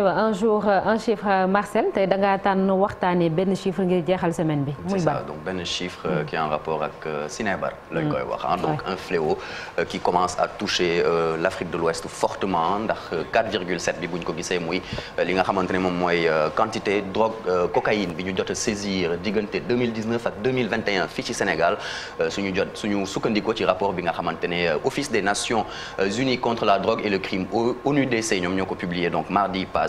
aywa un jour euh, un chiffre euh, Marcel tey da ngaa tànn waxtaanee benn chiffre ngir jeexal semaine bi. muy benn chiffre euh, qui en rapport ak Sinébar. Mm. lañ koy wax ah donc un fléau qui commence à toucher l'Afrique de l'Ouest fortement ndax 4,7 bi buñ ko gisee muy li nga xamante ne moom mooy quantité drogue cocaïne bi ñu jot a saisir diggante 2019 ak 2021 fii ci Sénégal suñu jot suñu sukkandikoo ci rapport bi nga xamante ne Office des Nations Unies contre la drogue et le crime ONUDC ñoom ñoo ko publié donc mardi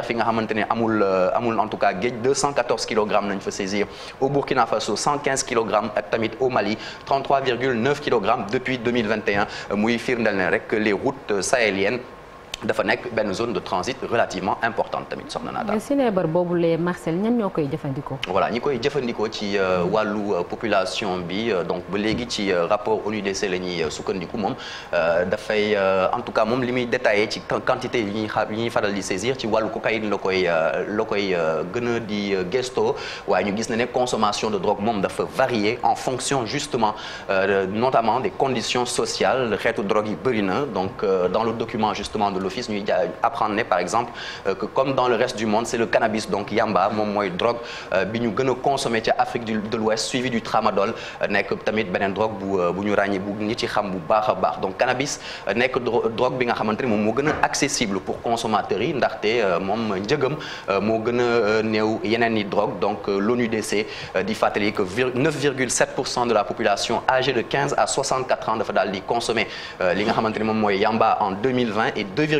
Niger fi nga xamante ne amul euh, amul en tout cas géej 214 kilogrammes lañ fa saisir au Burkina Faso 115 kilogrammes ak tamit au Mali 33,9 kilogrammes depuis 2021 muy firndeel ne rek les routes euh, sahéliennes dafa benn zone de transit relativement importante tamit soxna naa daal. sinébar boobu les Marcel ñan ñoo koy jëfandikoo. voilà ñi ci euh, wàllu euh, population bi euh, donc ba léegi ci rapport ONUDC la ñuy sukkandiku moom dafay en tout cas moom li muy détaillé ci quantité yi ñuy xa faral di saisir ci wàllu cocaïne la koy la koy gën a di gesto waaye ñu gis na ne consommation de drogue moom dafa varier en fonction justement notamment des conditions sociales xeetu drogue yi bëri na donc dans le document l'office ñuy jaay apprendre ne par exemple euh, que comme dans le reste du monde c'est le cannabis donc euh, Afrique de l'Ouest suivi du tramadol euh, nekk tamit beneen drogue bu bu ñu ràññee bu nit ci xam bu baax a baax donc cannabis nekk drogue bi nga xamante ne moom moo gën a accessible pour consommateurs yi ndaxte moom njëgam moo gën a néew yeneen i drogue donc l'ONUDC di fàttali que 9,7 pour cent de la population âgée de 15 à 64 ans dafa daal di consommer li nga xamante ne moom mooy yamba en 2020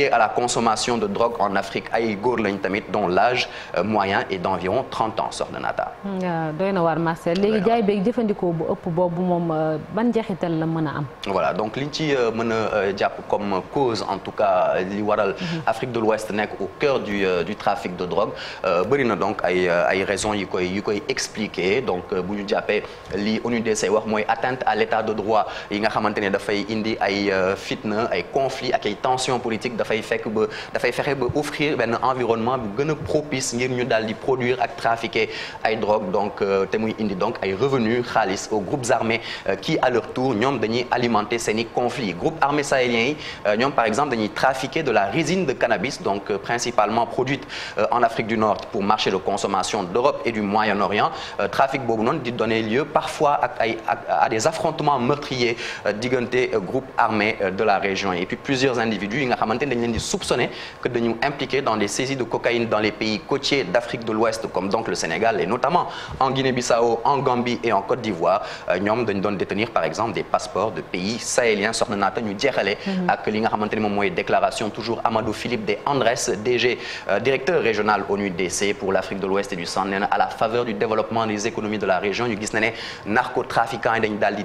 liées à la consommation de drogue en Afrique ay góor lañ tamit dont l'âge euh, moyen est d'environ 30 ans soxna Naata. Mm, euh, doy na waar Marcel léegi jaay beeg jëfandikoo bu ëpp boobu moom euh, ban njeexital la mën a am. voilà donc liñ ci mën a jàpp comme cause en tout cas li waral. Mhm. Afrique de l'Ouest nekk au cœur du du trafic de drogue bëri na donc ay ay raisons yi koy yi koy expliquer donc bu ñu jàppee li ONUDC wax mooy atteinte à l'état de droit yi nga xamante ne dafay indi ay fitna ay conflits dafay fekk ba dafay fexe ba offrir benn environnement bu gën a propice ngir ñu daal di produire ak trafiquer ay drogue donc euh, te muy indi donc ay revenus xaalis aux groupes armés euh, qui à leur tour ñoom dañuy alimenter seeni conflits groupe armé sahélien yi euh, ñoom par exemple dañuy trafiquer de la résine de cannabis donc principalement produite en Afrique du Nord pour marché de consommation d'Europe et du Moyen-Orient trafic boobu noonu di donner lieu parfois ak ay à des affrontements meurtriers diggante groupe armé de la région et puis plusieurs individus yi nga xamante dañ leen soupçonner que dañu impliqué dans des saisies de cocaïne dans les pays côtiers d'Afrique de l'Ouest comme donc le Sénégal et notamment en Guinée-Bissau en Gambie et en Côte d'Ivoire euh, ñoom dañu doon par exemple des passeports de pays sahéliens soxna naata ñu jeexale mm-hmm. ak li nga xamante ne moom mooy déclaration toujours Amadou Philippe de Andrés DG euh, directeur régional ONUDC pour des économies de la région ñu ne ne narcotrafiquants yi dañu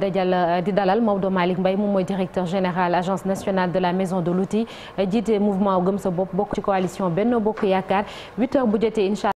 dajal euh, di dalal Maodo Malick Mbaye moom mooy directeur général agence nationale de la maison de l'outil jiite mouvement gëm sa bopp ci coalition Benno Bokk Yaakaar 8h bu jotee